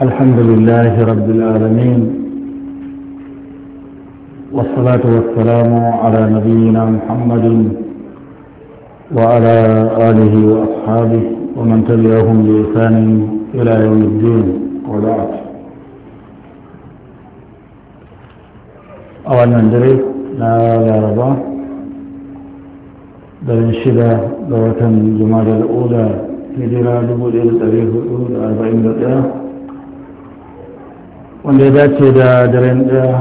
الحمد لله رب العالمين والصلاة والسلام على نبينا محمد وعلى آله وأصحابه ومن تبعهم بإحسان إلى يوم الدين وبعد أول من دري لا لا رضا بل انشد دورة جمال الأولى في دينا دبو تاريخ الأولى أربعين دقيقة wanda ya dace da daren daya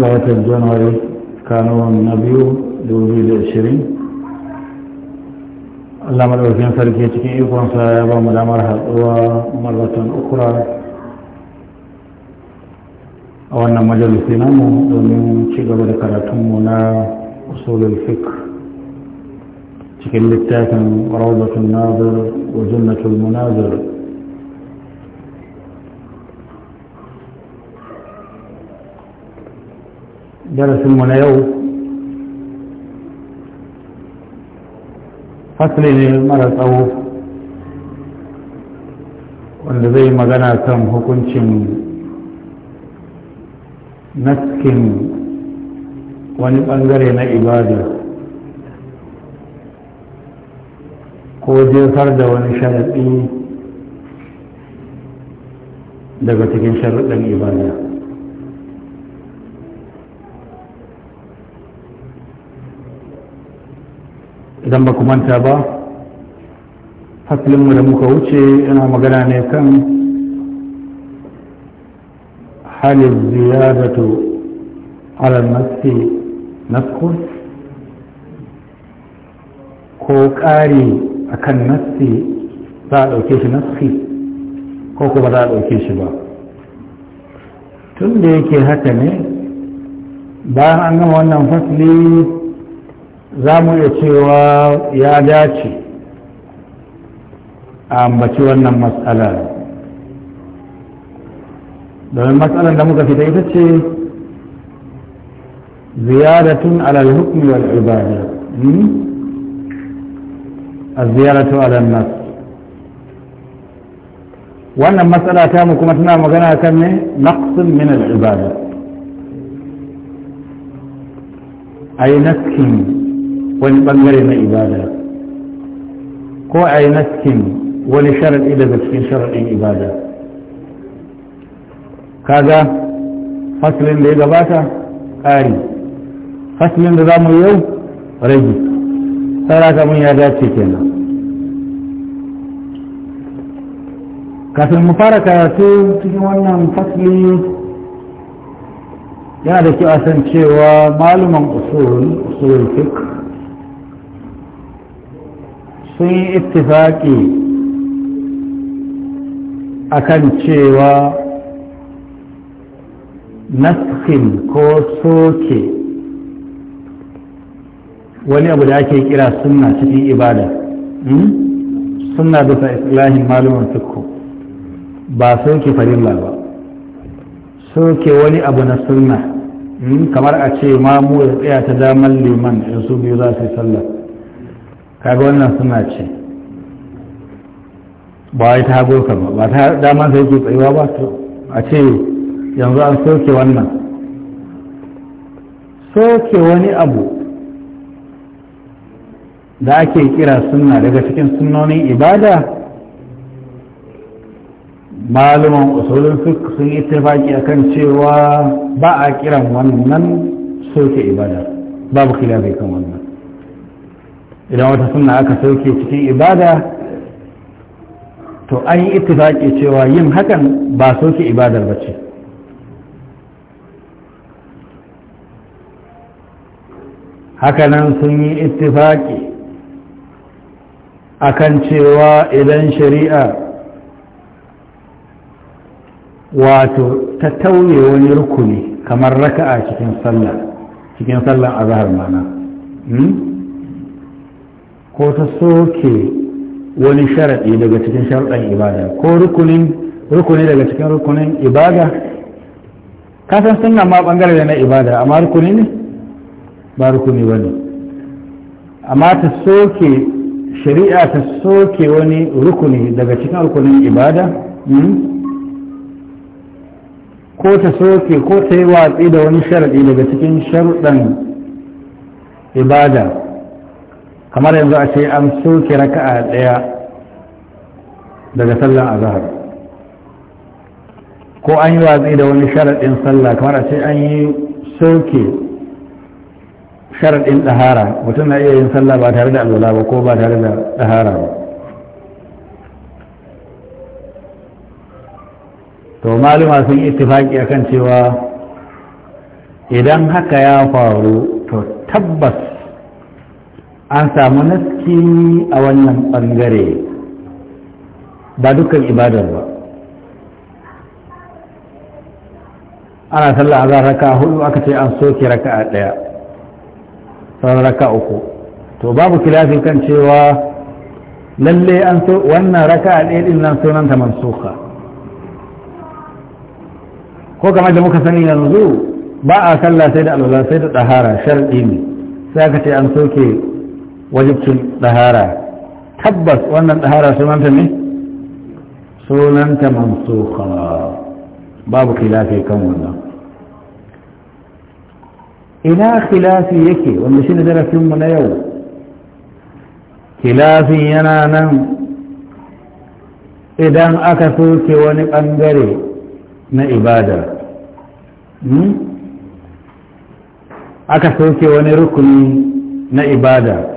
ga watan januwari kanuwan na biyu 2020 allah maɗaukin sarki cikin ikonsa ya ba mu damar haɗuwa marwatan ukura a wannan majalisi namu domin ci gaba da karatunmu na usulul fiqh cikin littafin rawdatul nazir wa jannatul munazir جلس المنيو فصل للمرض أو والذي ما قنا كم هكونشم نسكن ونبنغرنا إبادة كوزي فرد ونشرب إيه دقتك إن شرق الإبادة idan ba ku manta ba mu da muka wuce yana magana ne kan halin ziyadatu alal nafsi nasku ko ƙari a kan za a ɗauke shi naski ko kuma za a ɗauke shi ba tun da yake haka ne bayan an gama wannan fasili za mu iya cewa ya dace a ambaci wannan matsalar domin matsalar da muka fita ita ce ziyaratun alal hukmi wal ibada hmm? a ziyaratu alal nas wannan matsala ta mu kuma tana magana kan ne naqsin min al ibada ay naskin wani bangare na ibada ko a yi naskin wani sharaɗi daga cikin sharaɗin ibada kaga fasilin da ya gabata ƙari fasilin da za mu yau rage sarata mun ya dace kenan kafin mu fara karatu cikin wannan fasli yana da kyau a san cewa maluman usul usul fiqh sun yi ittifaƙi a kan cewa naskin ko soke wani abu da ake kira suna cikin ibada hmm? suna bisa islahin malumin fikku ba soke farilla ba soke wani abu na suna, hmm? kamar a ce mamu ya tsaya ta damar liman in su biyu za su yi sallah kaga wannan suna ce ba wai ta goka ba ba ta dama sai ke tsayuwa ba to a ce yanzu an soke wannan soke wani abu da ake kira sunna daga cikin sunnonin ibada malaman usulun fiqh sun yi tafaki akan cewa ba a kiran wannan soke ibada babu khilafi kan wannan idan wata suna aka sauke cikin ibada to an yi ittifaki cewa yin hakan ba sauke ibadar ba ce hakanan sun yi ittifaki akan cewa idan shari'a wato ta tauye wani rukuni kamar raka'a cikin sallah cikin sallah a zahar mana hmm? ko ta soke wani sharaɗi daga cikin sharuɗan ibada ko rukuni daga cikin rukunin ibada kasan suna ma ɓangare da na ibada amma rukuni ne ba rukuni ba ne amma ta soke shari'a ta soke wani rukuni daga cikin rukunin ibada hmm? ko ta soke ko ta yi watsi da wani sharaɗi daga cikin sharuɗan ibada kamar yanzu a ce an soke raka'a daya daga sallan azhar ko an yi watsi da wani sharaɗin sallah kamar a ce an yi soke sharaɗin ɗahara mutum na iya yin sallah ba tare da alwala ba ko ba tare da ɗahara ba to maluma sun yi ittifaki akan cewa idan haka ya faru to tabbas an samu naski a wannan ɓangare ba dukkan ibadar ba ana sallah a raka hudu aka ce an soke raka a ɗaya sauran raka uku to babu kilafin kan cewa lalle an so wannan raka a ɗaya ɗin nan ta mansuka ko kamar da muka sani yanzu ba a sallah sai da alwala sai da ɗahara shar ne sai aka ce an soke wajibcin ɗahara tabbas wannan ɗahara sunanta ne sunanta mansuka babu khilafi kan wannan ina khilafi yake wanda shi ne darasinmu na yau khilafin yana nan idan aka soke wani ɓangare na ibada hmm? aka soke wani rukuni na ibada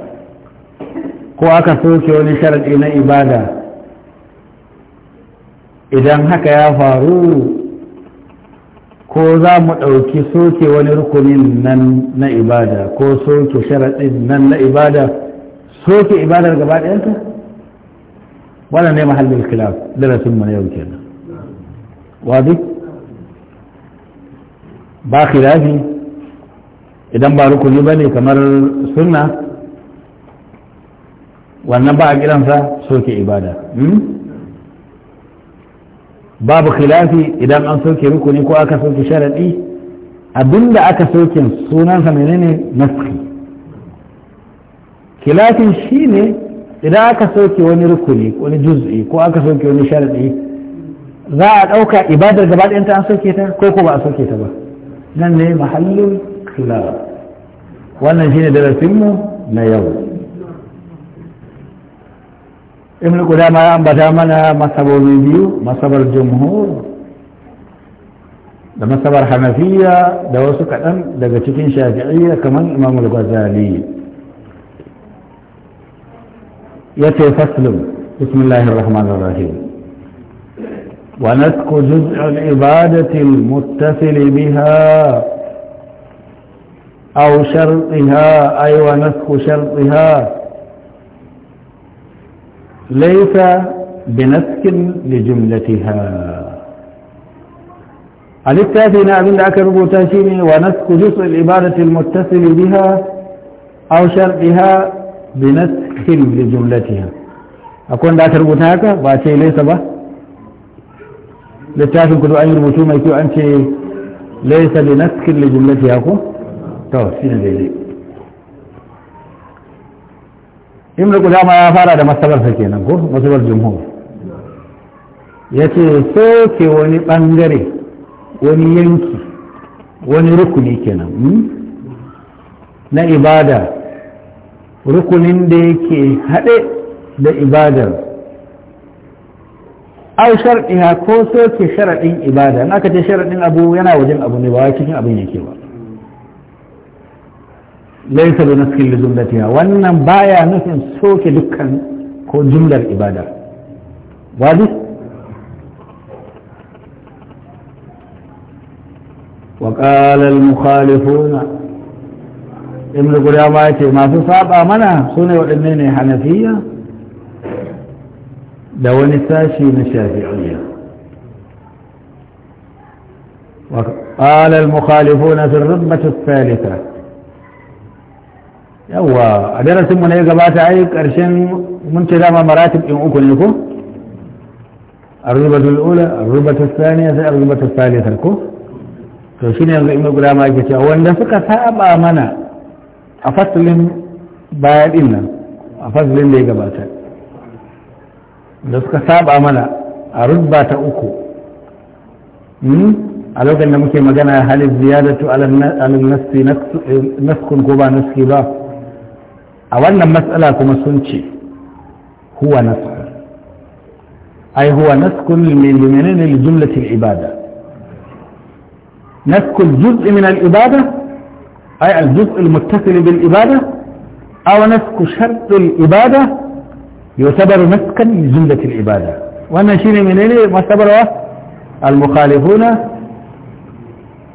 ko aka soke wani sharaɗi na ibada idan haka ya faru ko za mu ɗauki soke wani rukunin nan na ibada ko soke sharaɗin nan na ibada soke ibadar gaba ɗayanta wannan ne mahallin khilaf darasin mu na yau kenan wadi ba khilafi idan ba rukuni bane kamar sunna wannan ba a kiransa soke ibada hmm? babu khilafi idan an soke rukuni ko aka soke sharadi abinda aka soke sunansa menene nafi khilafin shi ne idan aka soke wani rukuni wani juz'i ko aka soke wani sharaɗi za a ɗauka ibadar gaba ta an soke ta ko ko ba a soke ta ba nan ne mahallin khilaf wannan shine darasinmu na yau ibn qudama ya ambata mana masabobi biyu masabar jumhur da masabar hanafiya da wasu kaɗan daga cikin shafi'iyya kamar imam al-ghazali ya ce faslun bismillahir rahmanir rahim ونسك جزء العبادة المتصل بها أو شرطها أي ونسك شرطها ليس بنسك لجملتها الاتافي نعم لك ربوتاشيني ونسك جزء العبادة المتصل بها أو شرطها بنسك لجملتها أكون ذات ربوتاك باتي ليس به littafin كدو أي yi rubutu mai kyau an ce laisa bi naskin li ibn qudama ya fara da masabar sa kenan ko masabar jumhur yace soke wani bangare wani yanki wani rukuni kenan hmm? na ibada rukunin da yake haɗe da ibadar au shar'iha ko soke sharaɗin ibada Na ka ce sharaɗin abu yana wajen abu ne ba cikin abin yake ba laisa bi naskin li jumlatiha wannan baya nufin soke dukkan ko jumlar ibada wadi wa qala al mukhalifuna ibn qudama yace masu saba mana sune wadanne ne hanafiya da wani sashi na shafi'iyya وقال المخالفون في الرتبة الثالثة yawwa a darasin mu ya gabata ai karshen mun ce dama maratib in uku ne ko arrubatul ula arrubatul thaniya sai arrubatul thalitha ko to shine yanzu in guda ma yake cewa wanda suka saba mana a fasalin baya din nan a fasalin da ya gabata da suka saba mana a rubba ta uku hmm? a lokacin da muke magana halin ziyadatu alal nasi naskun eh, ko ba naski ba a wannan matsala kuma sun ce huwa naskun ai huwa naskun limenin aljumlatin ibada naskun juz'i min al'ibada ai aljuz'i mutasili bil ibada aw nasku shartu al'ibada يعتبر نسكا من جملة العبادة وانا شيني من ايه معتبر المخالفون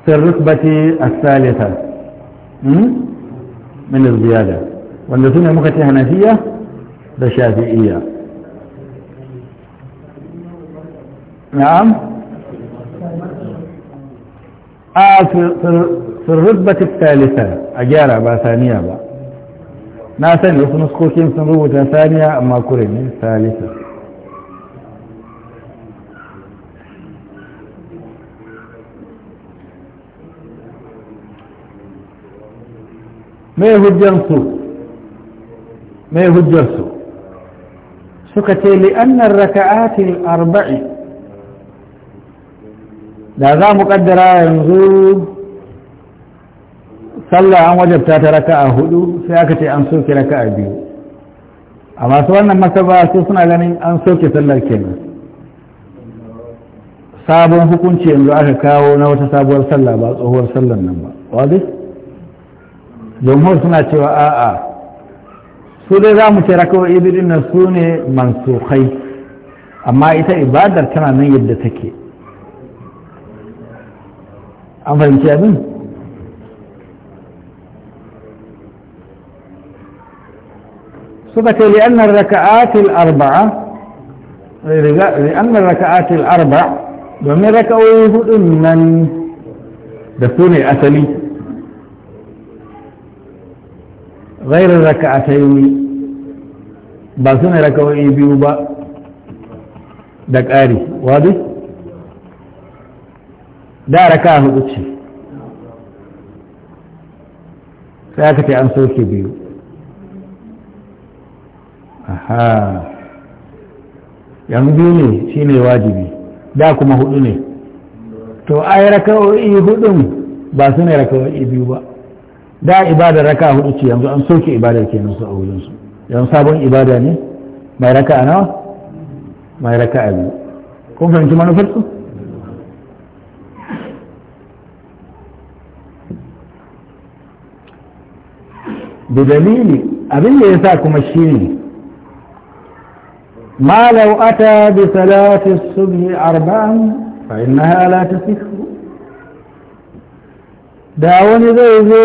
في الرتبة الثالثة من الزيادة وأن يتم حنفيه الهنفية بشافئية نعم آه في, في الرتبة الثالثة أجارة بقى ثانية بقى ما ثانية يصنص كل شيء مثل ثانية أما كورين ثالثة ما هو الجنسوس mai hujjarsu suka ce li'annar raka'atin arba'i da za mu kaddara yanzu sallah an wajabta ta raka'a hudu sai aka ce an soke raka'a biyu a masu wannan masaba su suna ganin an soke sallar kenan sabon hukunci yanzu aka kawo na wata sabuwar sallah ba tsohuwar sallar nan ba wadis jamhur suna cewa a'a سودة دامو تركوا إبرينا سونة منسوخي أما إتا إبادة كما من يدتكي أما إنت أبن صدق لأن الركعات الأربعة لأن الركعات الأربع ومن ركعوه إمنا دفوني أثلي غير الركعتين ba suna rakawai biyu ba da ƙari wadu da raka a hudu ce sai aka ce an soke biyu aha yanzu biyu ne shi ne wajibi da kuma hudu ne to ai rakawai hudun ba su ne biyu ba da ibadar raka hudu ce yanzu an soke ibadar kenan su a wurinsu Yan sabon ibada ne mai raka a nawa mai raka a biyu kun fahimci manufarsu da dalili abin da ya sa kuma shi ne ma lau ata bi salati subhi arba'an fa innaha la tasihhu da wani zai zo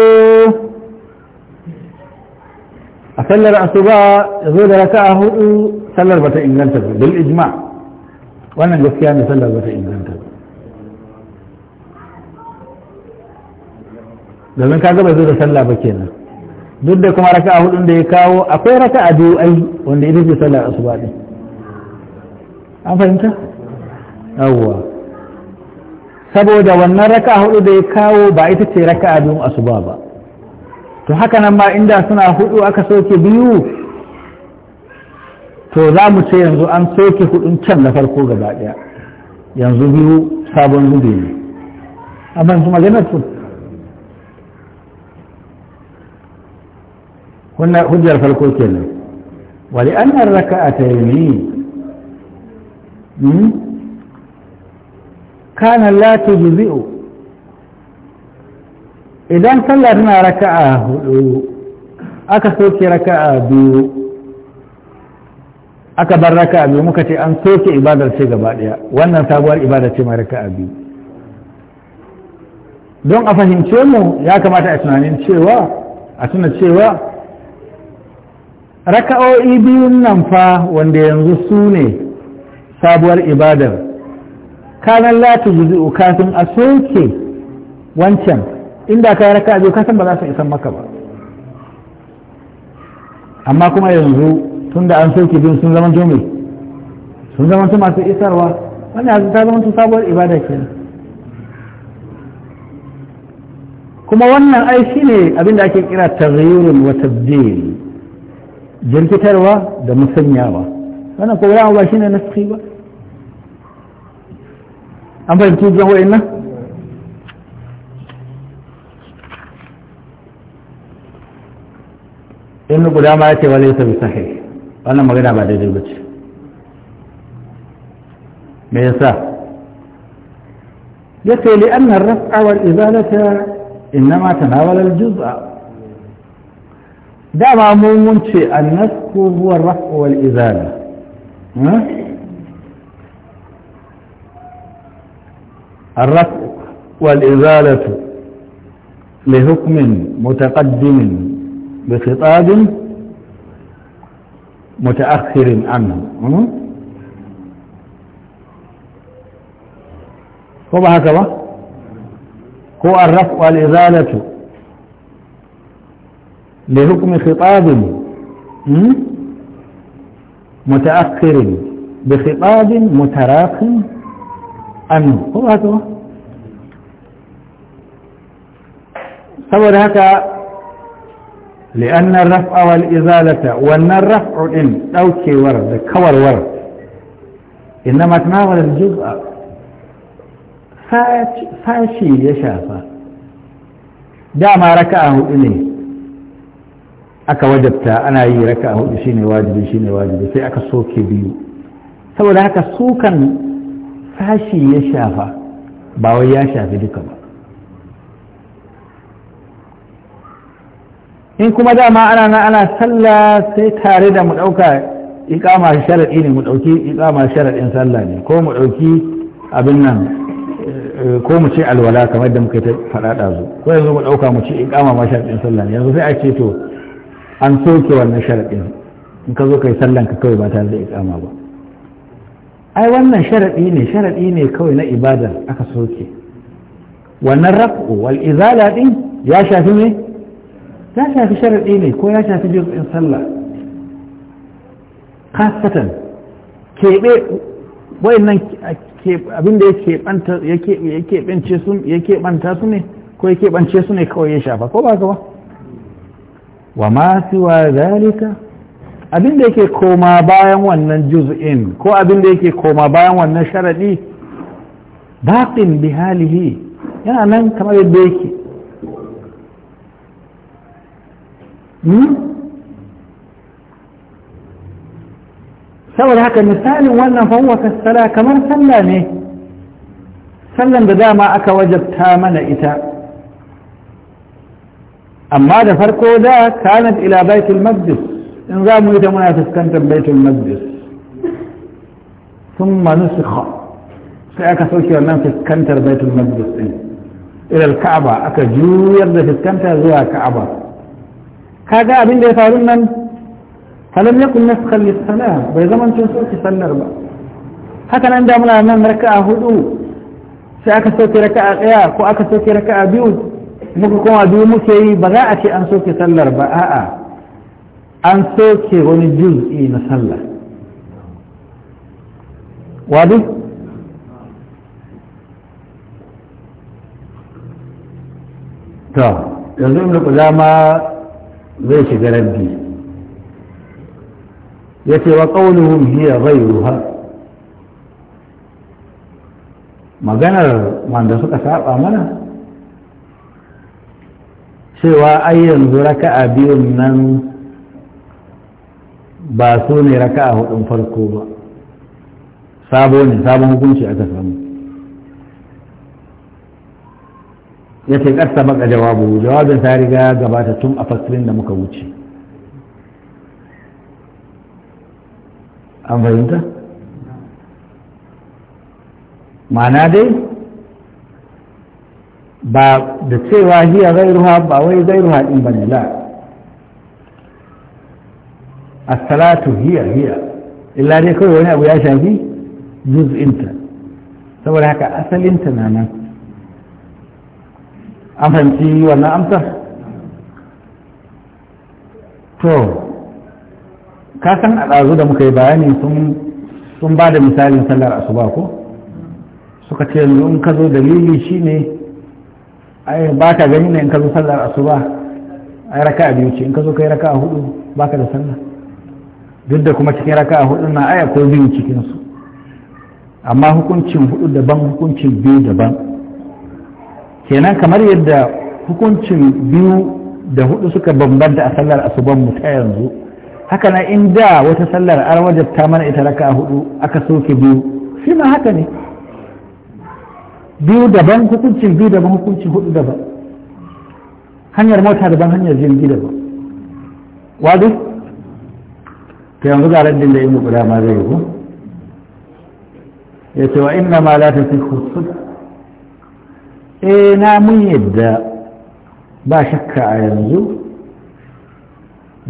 a sallar asuba ya zo da raka a hudu sallar bata inganta ba bil ijma wannan gaskiya ne sallar bata inganta ba domin ka bai zo da sallah ba kenan duk da kuma raka a hudun da ya kawo akwai raka a biyu ai wanda ita ce sallar asuba din an fahimta yawwa saboda wannan raka a hudu da ya kawo ba ita ce raka a biyun asuba ba to haka nan ma inda suna hudu aka soke biyu to za mu ce yanzu an soke hudun can na farko gaba daya yanzu biyu sabon zube ne amma yanzu maganar su hujjar farko kenan wali an nan raka a taimi hmm? kanan la tujzi'u idan sallah tana raka'a hudu aka soke raka'a biyu aka bar raka'a biyu muka ce an soke ibadar ce gaba daya wannan sabuwar ibadar ce mai raka'a biyu don a fahimce mu ya kamata a tunanin cewa a tuna cewa raka'o'i biyun nan fa wanda yanzu su ne sabuwar ibadar kanan latin juzu'u kafin a soke wancan inda ka yi raka biyu kasan ba za su isan maka ba amma kuma yanzu tun da an soke bin sun zama jumi sun zama su masu isarwa wani yanzu ta zama su sabuwar ibada ke kuma wannan ai shi ne abinda ake kira taghayyurul wata tabdil jirkitarwa da musanyawa wannan ko ba shi ne na ba an fahimci jiyan wa'in nan in guda ma ya ce wale sabi sahi wannan magana ba daidai ba ce me yasa ya ce li annan raf'a wal izalata innama tanawala al juz'a dama mun mun ce nasku huwa raf'a wal izala الرفع والإزالة لحكم متقدم بخطاب متأخر عنه هو هكذا هو الرفع والإزالة لحكم خطاب متأخر بخطاب متراخ عنه هو هكذا saboda haka لأن الرفع والإزالة وأن الرفع إن أوكي ورد كور ورد إنما تناول الجزء فاشي يشافى دام ركعه إليه aka wajabta ana yi raka hudu shine wajibi shine wajibi sai aka soke biyu saboda haka sukan sashi ya shafa ba wai ya shafi duka ba in kuma dama ana na ana sallah sai tare da mu ɗauka iƙama sharaɗi ne mu ɗauki iƙama sharaɗin sallah ne ko mu ɗauki abin nan eh, ko mu ce alwala kamar da muka faɗa ɗazu ko yanzu mu ɗauka mu ce iƙama ma sharaɗin sallah ne yanzu sai a ce to an soke wannan sharaɗin in ka zo ka yi sallan ka kawai ba tare da iƙama ba ai wannan sharaɗi ne sharaɗi ne kawai na ibada aka soke wannan raf'u wal izala ɗin ya shafi ne ya shafi sharaɗi ne ko ya shafi juz'in sallah kasatan keɓe wayannan abinda ya keɓanta ya keɓance su ya keɓanta su ne ko ya keɓance su ne kawai ya shafa ko ba gaba wa ma siwa zalika abinda yake koma bayan wannan juz'in ko abinda yake koma bayan wannan sharaɗi baƙin bihalihi yana nan kamar yadda yake Hmm? saboda haka misalin wannan fawwa kasala kamar sallah ne sallan da dama aka wajabta mana ita amma da farko da kanat ila baitul maqdis in za mu yi ta muna fuskantar baitul maqdis thumma nusikha sai aka sauke wannan fuskantar baitul maqdis din ila kaaba aka juyar da fuskanta zuwa ka'aba kaga abin da ya faru nan falam yakun naskhan lis-salah bai zaman cin sauki sallar ba haka nan da muna nan raka'a hudu sai aka soke raka'a daya ko aka soke raka'a biyu muka kuma biyu muke yi ba za a ce an soke sallar ba a'a an soke wani juz'i na sallah wadu to yanzu ibn qudama zai shiga rabbi ya ce wa ƙaunuhun hiya ruha maganar wanda suka saba mana cewa ai yanzu raka'a biyun nan ba su ne raka'a hudun farko ba sabo ne sabon hukunci aka samu ya ce ƙarsa baka jawabu jawabin ta riga ya gabata tun a fasirin da muka wuce an fahimta ma'ana dai ba da cewa hiya zairuha ba wai zairuha ɗin ba ne la as-salatu hiya hiya illa dai kawai wani abu ya shafi juz'inta saboda haka asalinta na nan an fahimci wannan amsar to ka san a ɗazu da muka yi bayani sun ba da misalin sallar asuba ko suka ce yanzu in ka zo dalili ne ai ba ka gani ne in ka zo sallar asuba ai raka a biyu ce in ka zo kai raka a hudu ba ka da sallar duk da kuma cikin raka a hudu na aya ko biyu cikinsu amma hukuncin hudu daban hukuncin biyu daban kenan kamar yadda hukuncin biyu da hudu suka bambanta a sallar asuban mu ta yanzu haka na in da wata sallar an wajabta mana ita raka hudu aka soke biyu shi ma haka ne biyu daban hukuncin biyu daban hukuncin hudu daban hanyar mota daban hanyar jirgi daban wadu ta yanzu ga rajin da yi mu guda ma zai yi ya ce wa inna ma la ta fi eh na mun yadda ba shakka a yanzu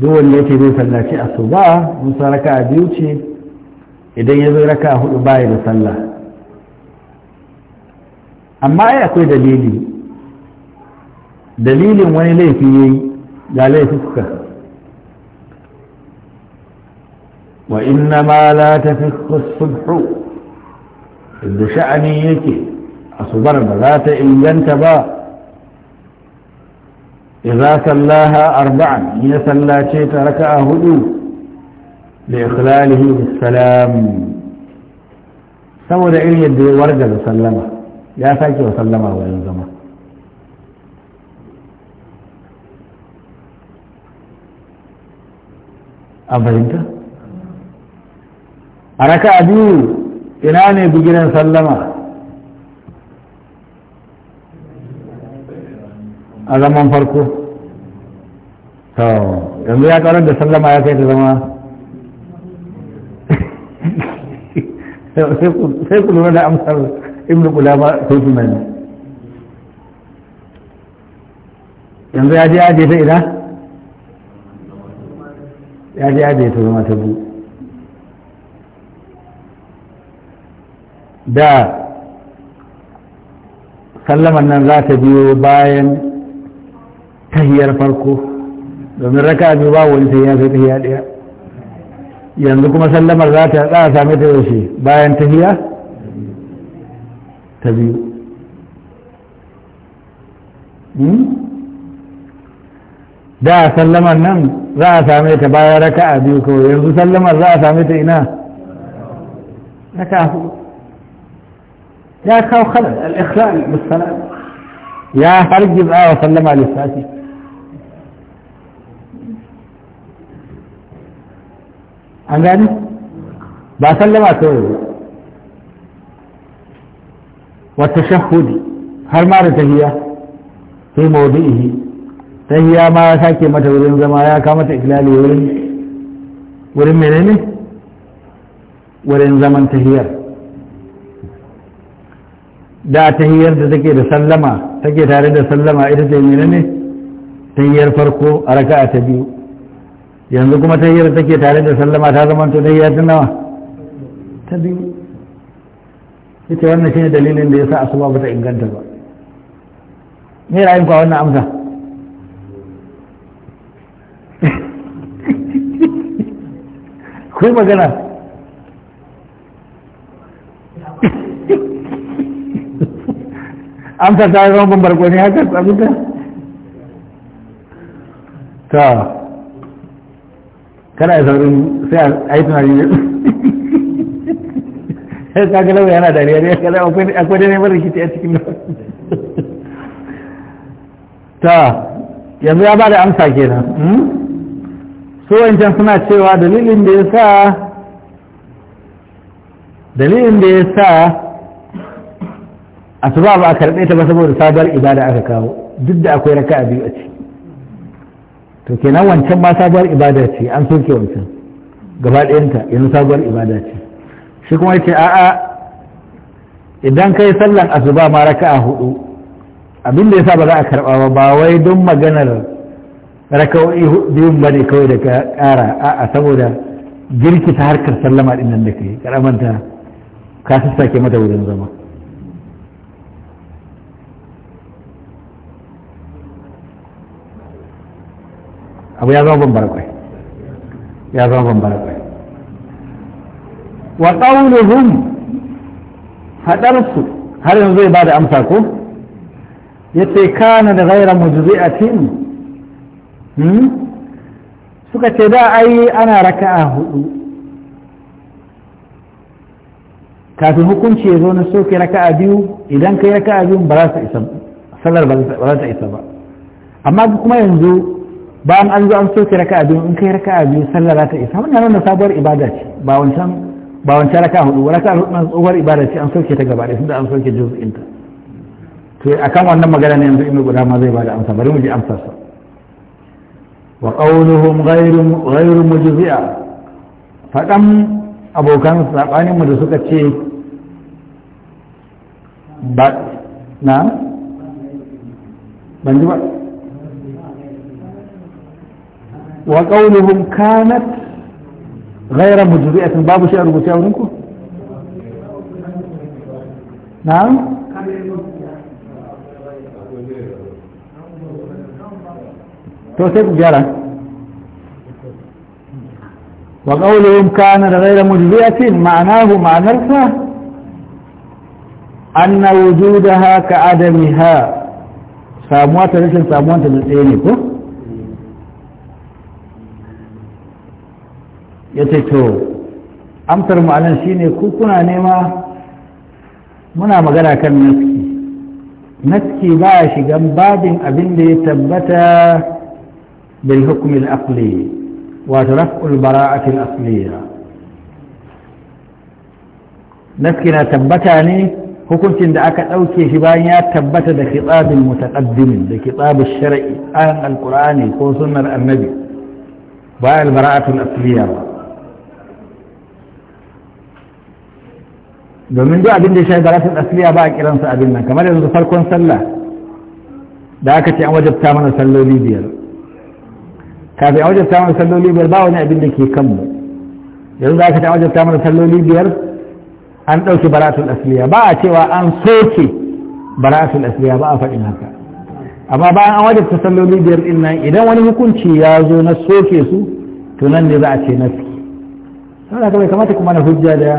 duk wanda yake zai sallaci ba musa raka a biyu ce idan ya zai raka hudu baya da sallah amma ai akwai dalili dalilin wani laifi yayi ga suka wa inna ma la tafiqu as da sha'ani yake asubar ba za ta inganta ba idza sallaha arba'an ya sallace ta raka'a hudu da ikhlalihi bisalam saboda irin yadda ya warga da sallama ya sake wa sallama wajen zama abinda fahimta a raka'a biyu ina ne bigiran sallama a zaman farko to yanzu ya karar da sallama ya kai ta zama sai ku lura da amsar ibn kulama sai mai mani yanzu ya je aje ta ina ya je aje ta zama ta biyu da sallaman nan za ta biyo bayan tahiyar farko domin raka biyu ba wani tahiya sai tahiya ɗaya yanzu kuma sallamar za ta za a same ta yaushe bayan tahiya ta biyu hmm? da sallamar nan za a same ta bayan raka a biyu kawai yanzu sallamar za a same ta ina raka hudu ya kawo khalar al-ikhlas bis salam ya hargiza wa sallama lissafi an gani ba sallama kawai ba wata shahudi har ma da tahiya fi mawdi'ihi tahiya ma ya sake mata wurin zama ya kama ta iklali wurin wurin menene wurin zaman tahiyar da tahiyar da take da sallama take tare da sallama ita ce ne tayyar farko a raka'a ta biyu yanzu kuma tayyar take tare da sallama ta zama to tayyar ta nawa ta biyu ita wannan shine dalilin da yasa asuba bata inganta ba me ra'ayin ku a wannan amsa ku magana amsa ta yi zama bambar gwani haka tsabuta ta kada a saurin sai a yi tunanin ne sai ta galawa yana dariya ne kada akwai mara neman rikici a cikin ta yanzu ya ba da amsa kenan hmm? su wancan suna cewa dalilin da ya sa dalilin da ya sa asuba ba a karɓe ta ba saboda sabuwar ibada aka kawo duk da akwai raka'a biyu a ciki to kenan wancan ma sabuwar ibada ce an soke wancan gaba ɗayanta yanzu sabuwar ibada ce shi kuma yace a'a idan kai sallan asuba ma raka'a hudu abin da yasa ba za a karɓa ba ba wai don maganar raka'o'i biyun ba ne kawai da ka ƙara a'a saboda girki ta harkar sallama ɗin nan da kai karamanta ka sassake mata wurin zama abu ya zama bambara kwai ya zama bambara kwai wa qawluhum hadarsu har yanzu zai bada amsa ko yace kana da ghaira mujzi'atin hmm suka ce da ai ana raka'a hudu kafin hukunci ya zo na soke raka'a biyu idan kai raka'a biyu ba za ta isa sallar ba za ta isa ba amma kuma yanzu bayan an zo an soke a biyu in kai a biyu sallah za ta isa wannan nuna sabuwar ibada ce ba wancan ba wancan raka hudu raka hudu na tsohuwar ibada ce an soke ta gaba sun da an soke juz'in ta to akan wannan magana ne yanzu guda ma zai bada amsa bari mu ji amsa sa wa qawluhum ghayru ghayru mujzi'a fadan abokan sabanin mu da suka ce ba na ban ji ba وقولهم كانت غير مجزئة باب شيء ربطي أولنكو نعم توسيق جارة وقولهم كانت غير مجزئة معناه معنرفة أن وجودها كعدمها ساموات ليس ساموات للإينيكو ya ce to amsar mu shi shine ku kuna nema muna magana kan naski naski ba ya shigan babin abin da ya tabbata bil hukumin aqli wato raf'ul bara'atil asliya naski na tabbata ne hukuncin da aka ɗauke shi bayan ya tabbata da kitsabin mutaqaddimin da kitsabin shar'i ayan alƙur'ani ko sunnar annabi ba al bara'atul asliya ba domin duk abin da ya da baratun asliya ba a kiransa abin nan kamar yanzu farkon sallah da aka ce an wajabta mana salloli biyar kafin an wajabta mana salloli biyar ba wani abin da ke kanmu yanzu da aka ce an wajabta mana salloli biyar an ɗauki baratun asliya ba a cewa an soke baratun asliya ba a faɗin haka amma bayan an wajabta salloli biyar ɗin nan idan wani hukunci ya zo na soke su to nan ne za a ce nafi saboda haka bai kamata kuma na hujja da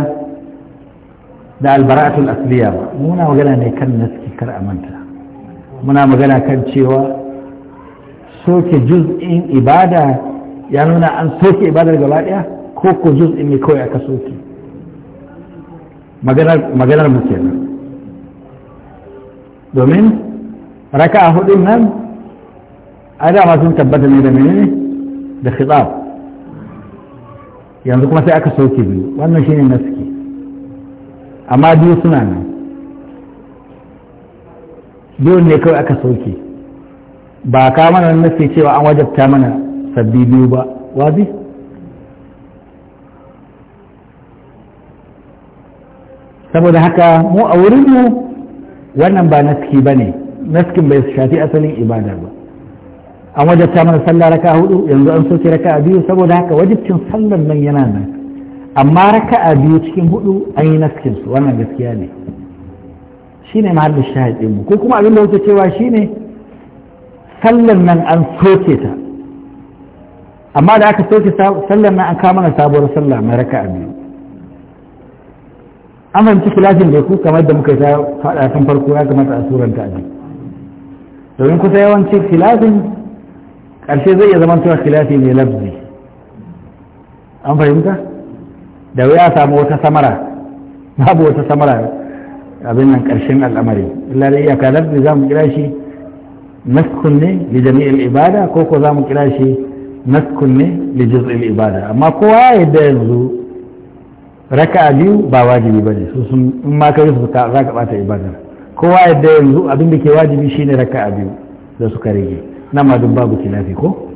da albara'atul asliya ba muna magana ne kan naski kar a manta muna magana kan cewa soke juz'in ibada ya nuna an soke ibadar gaba daya ko ko juz'in ne kawai aka soke maganar mu kenan domin raka a hudun nan adama sun tabbata ne da menene da khitab yanzu kuma sai aka soke biyu wannan shine naski amma biyu suna nan biyun ne kawai aka sauke ba ka mana nufi cewa an wajabta mana sabbi biyu ba wazi saboda haka mu a wurinmu wannan ba naski ba ne naskin bai shafi asalin ibada ba an wajabta mana sallah raka hudu yanzu an sauke raka biyu saboda haka wajibcin sallar nan yana nan amma a biyu cikin hudu an yi naskin su wannan gaskiya ne shine mahallin shahidin mu ko kuma abin da wuce cewa shine sallan nan an soke ta amma da aka soke sallan nan an kama na sabuwar sallah mai a biyu an fahimci kilafin da ku kamar da muka yi ta faɗa tun farko ya kamata a suranta a domin kusa yawanci kilafin ƙarshe zai iya zama cewa kilafi mai lafzi an fahimta da ya samu wata samara babu wata samara abin nan ƙarshen al'amari lalai ya kadar da za mu kira shi maskun ne li jami'il ibada ko ko za mu kira shi maskun ne li juz'il ibada amma kowa yadda yanzu raka biyu ba wajibi bane su sun in ma kai su za ka bata ibada kowa yadda yanzu abin da ke wajibi shine raka biyu da suka rage na ma duk babu kilafi ko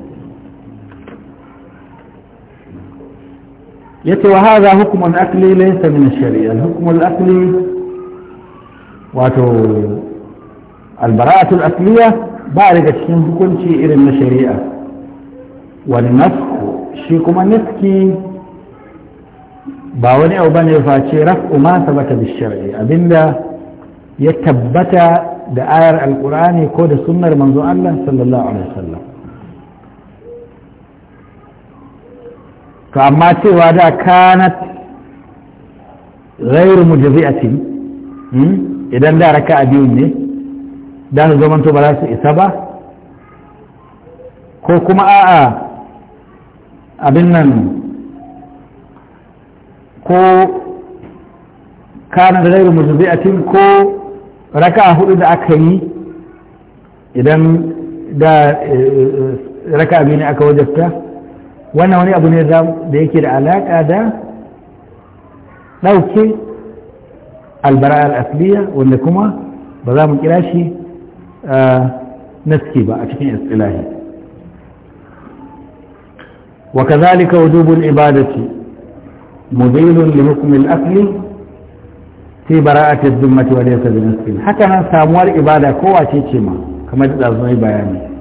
yace wa hadha hukmun akli laysa min ash-shari'a al-hukm al-akli wato al-bara'atu al-akliya ba daga cikin hukunci irin na shari'a wani nasku shi kuma naski ba wani abu bane face raf'u ma sabata bi shar'i abinda ya tabbata da ayar alqur'ani ko da sunnar manzo Allah sallallahu alaihi wasallam to amma cewa da kanat ghairu mujzi'atin hmm? idan da a biyun ne dan zaman to ba za su isa ba ko kuma a'a abin nan ko kana da a mujzi'atin ko raka hudu da aka yi idan da eh, eh, raka biyu ne aka wajabta wannan wani abu ne da yake da alaƙa da ɗauke albara al'asliya wanda kuma ba za mu kira shi naski ba a cikin istilahi wa kazalika wujubul ibadati mudilun li hukmi al-asli fi bara'ati ad-dhimmati wa laysa bi naski haka nan samuwar ibada kowace ce ma kamar da zai bayani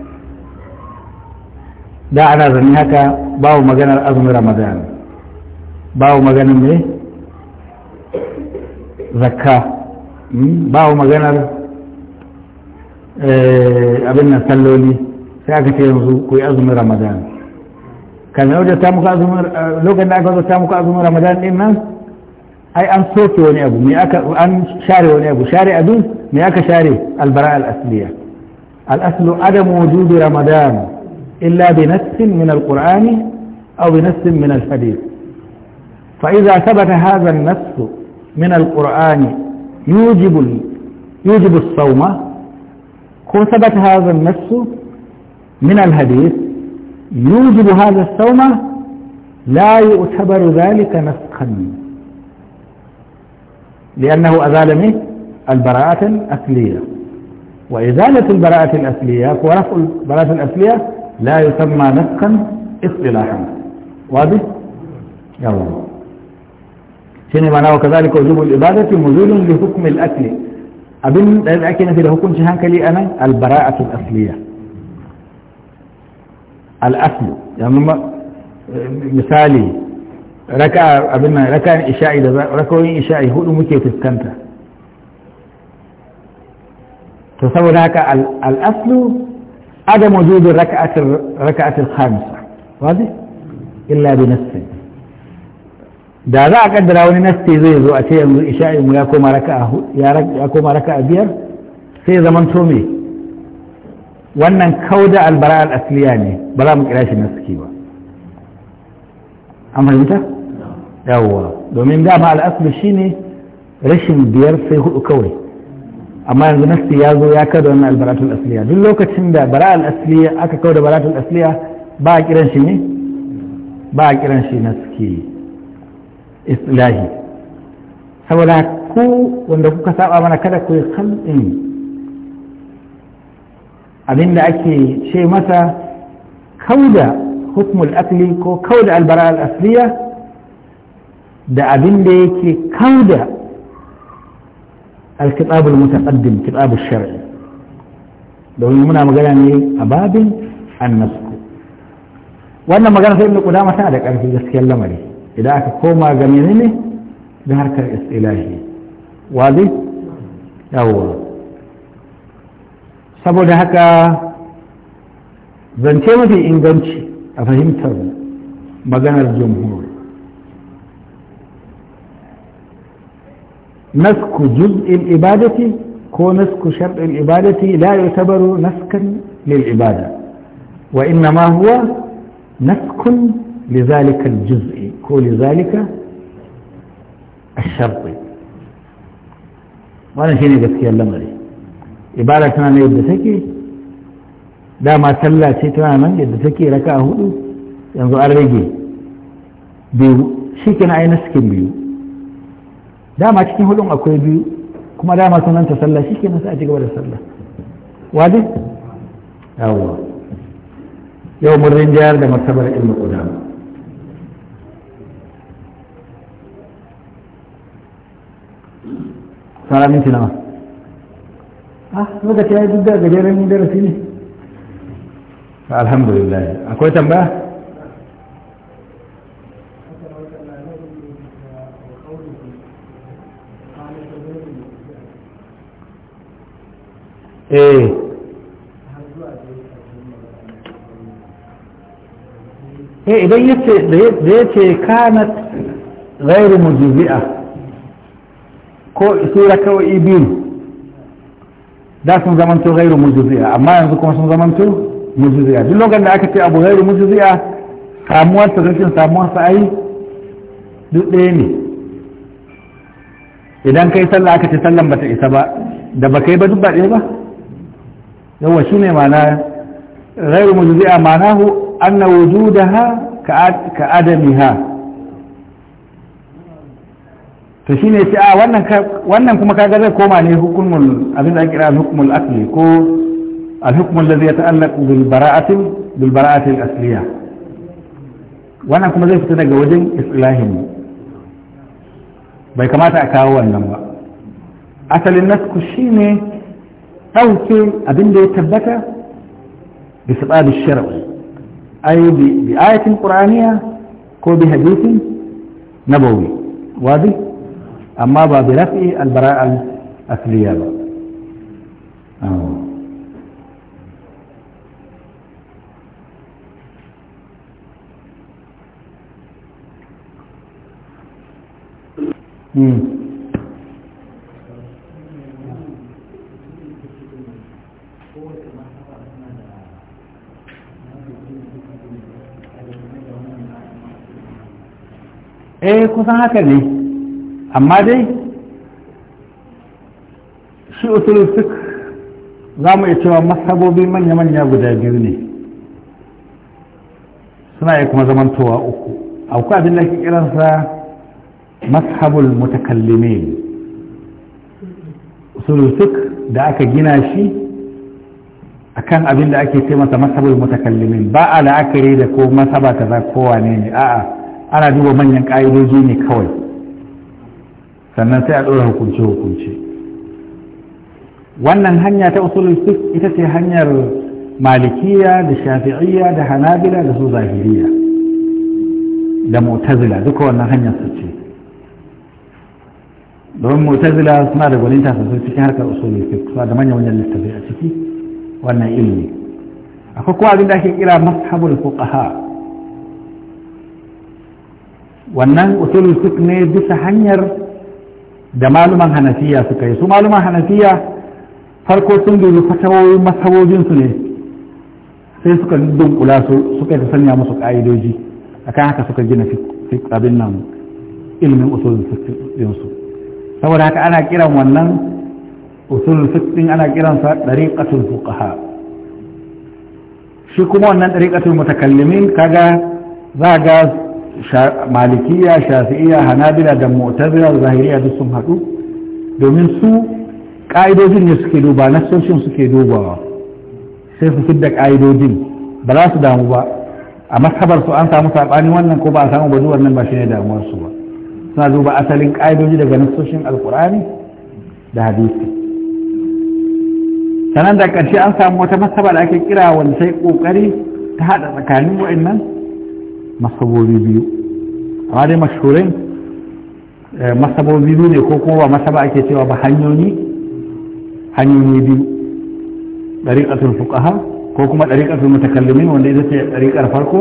da ana zane haka babu maganar azumin ramadan babu maganar mai zakka hmm? babu maganar eh, abin nan salloli sai aka ce yanzu ku yi azumin ramadan kamin wajen ta muku azumin eh, lokacin da aka wajen ta muku azumin ramadan din nan ai an soke wani abu me aka an share wani abu share abin me aka share albara al-asliya al-aslu adamu wujudi ramadan إلا بنس من القرآن أو بنس من الحديث فإذا ثبت هذا النس من القرآن يوجب يوجب الصوم كون ثبت هذا النس من الحديث يوجب هذا الصوم لا يعتبر ذلك نسخا لأنه أزال منه البراءة الأصلية وإزالة البراءة الأصلية ورفع البراءة الأصلية لا يسمى نسخا اصطلاحا واضح يلا شنو معناه وكذلك وجوب الإبادة مزول لحكم الأكل أبن الأكل في الحكم شهان كلي أنا البراءة الأصلية الأصل يعني مثالي ركع أبن ركع إشاعي ركعين إشاعي هو مكي في to saboda الأصل عدم وجود ركعة الركعة الخامسة واضح إلا بنفسه إذا ذا قدر أن نفسي ذي ذو أتي يوم إشاء يوم يقوم ركعة يقوم ركعة بير في زمن تومي وأن كودة البراء الأسلياني بلا من إلاش نفسكي أما أنت؟ لا نعم. دومين دا مع الأصل شيني رشم بير في كوري amma yanzu nasti ya zo ya kada wannan albaratul asliya duk lokacin da bara'al asliya aka kawo da bara'atul asliya ba a kiran shi ne ba a kiran shi na suke. islahi saboda ku wanda kuka saba mana kada ku yi khalqin abinda ake ce masa kauda hukmul akli ko kauda albara al asliya da abinda yake kauda الكتاب المتقدم كتاب الشرع لو منا مغانا ني أباب النسك وأن مغانا سيدنا قدامة سادك أنا في جسك اللمري إذا أكا كوما غمينيني ظهر كرئيس إلهي واضح يوه saboda haka zance mafi inganci a fahimtar maganar jumhur nasku juz'in ibadati ko nasku shar'il ibadati la yutabaru naskan lil ibada wa inna ma huwa naskun لذلك الجزء كو لذلك الشرط wannan shine gaskiyar lamari ibada tana nan yadda take dama sallah tana nan yadda take raka hudu yanzu an rage biyu shi kina ai naskin biyu dama cikin hudun akwai biyu kuma dama sunanta sallah shi kenan sai a ci gaba da sallah wadi yawwa yau murnin jayar da martabar ilmi kudama. sara minti nawa ah lokaci ya yi duk da gajeren darasi ne alhamdulillah akwai tambaya eh eh idan yace da yace kanat ghairu mujzi'a ko sura kawai biyu da sun zamanto ghairu mujzi'a amma yanzu kuma sun zamanto mujzi'a duk lokacin da aka ce abu ghairu mujzi'a samuwar ta rashin samuwar sa ai duk ɗaya ne idan kai sallah aka ce sallan bata isa ba da ba kai ba duk ba ɗaya ba yawa shine ma'ana ghairu mujzi'a ma'anahu da ha ka adamiha to shine ce a wannan wannan kuma kaga zai koma ne hukumul abin da ake kira hukumul asli ko da الحكم الذي يتعلق بالبراءة بالبراءة الأصلية وانا كما زي فتنا جوجين إصلاهم bai kamata a kawo wannan ba asalin nasku shi ne. ɗauke abin da ya tabbata bi sababin shar'i ai bi ayatin qur'aniya ko bi hadisin nabawi wadi amma ba bi rafi al-bara'a asliya ba Mm-hmm. eh kusan haka ne amma dai shi usulul za mu iya cewa masabobi manya-manya guda biyu ne suna iya kuma zamantowa uku akwai abin da ke kiransa mashabul mutakallime usulul da aka gina shi akan abin da ake ce masa mazhabul mutakallime ba a la'akari da ko mazhaba za ko wane ne a'a ana duba manyan ƙa'idoji ne kawai sannan sai a ɗora hukunce-hukunce wannan hanya ta usulun su ita ce hanyar malikiya da shafi'iyya da hanabila da su zahiriya da motazila duka wannan hanyar su ce domin mu'tazila suna da gwaninta sosai cikin harkar usulun su suna da manyan wajen littafi a ciki wannan ilimi akwai kuma abin da ake kira mashabul fuqaha wannan usulul fiqh ne bisa hanyar da maluman hanafiya suka yi su maluman hanafiya farko sun bi fatawoyi masawojin su ne sai suka dunkula su suka ta sanya musu ka'idoji akan haka suka gina abin nan ilmin usulul fiqh din su saboda haka ana kiran wannan usulul fiqh din ana kiran sa dariqatul fuqaha shi kuma wannan dariqatul mutakallimin kaga za ga malikiya shafi'iya hanabila da mu'tazila da zahiriya duk sun haɗu domin su ƙa'idojin ne suke duba nassoshin suke dubawa sai su fidda ƙa'idojin ba za su damu ba a masabar su an samu saɓani wannan ko ba a samu ba zuwa nan ba shi ne damuwar su ba suna duba asalin ka'idoji daga nassoshin alƙur'ani da hadisi Sanan da ƙarshe an samu wata masaba da ake kira wanda sai ƙoƙari ta haɗa tsakanin waɗannan? masabobi biyu amma dai mashhurin eh, masabobi biyu ne ko kuma ba masaba ake cewa ba hanyoyi hanyoyi biyu ɗariƙatul fuqaha ko kuma ɗariƙatul mutakallimin wanda ita ce ɗariƙar farko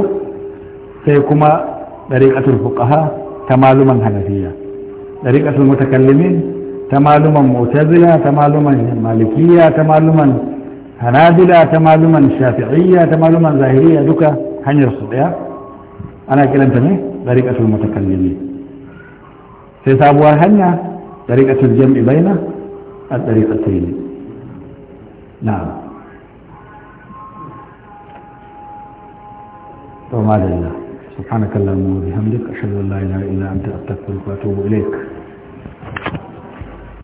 sai kuma ɗariƙatul fuqaha ta maluman hanafiya ɗariƙatul mutakallimin ta maluman mu'tazila ta maluman malikiya ta maluman hanabila ta maluman shafi'iyya ta maluman zahiriya duka hanyar su ɗaya ana kiranta ne dariƙatul mutakallimi sai sabuwar hanya dariƙatul jam'i baina a al-dariqatayn na'am to madalla subhanakallahumma wa bihamdika ashhadu an la ilaha illa anta astaghfiruka wa atubu ilaik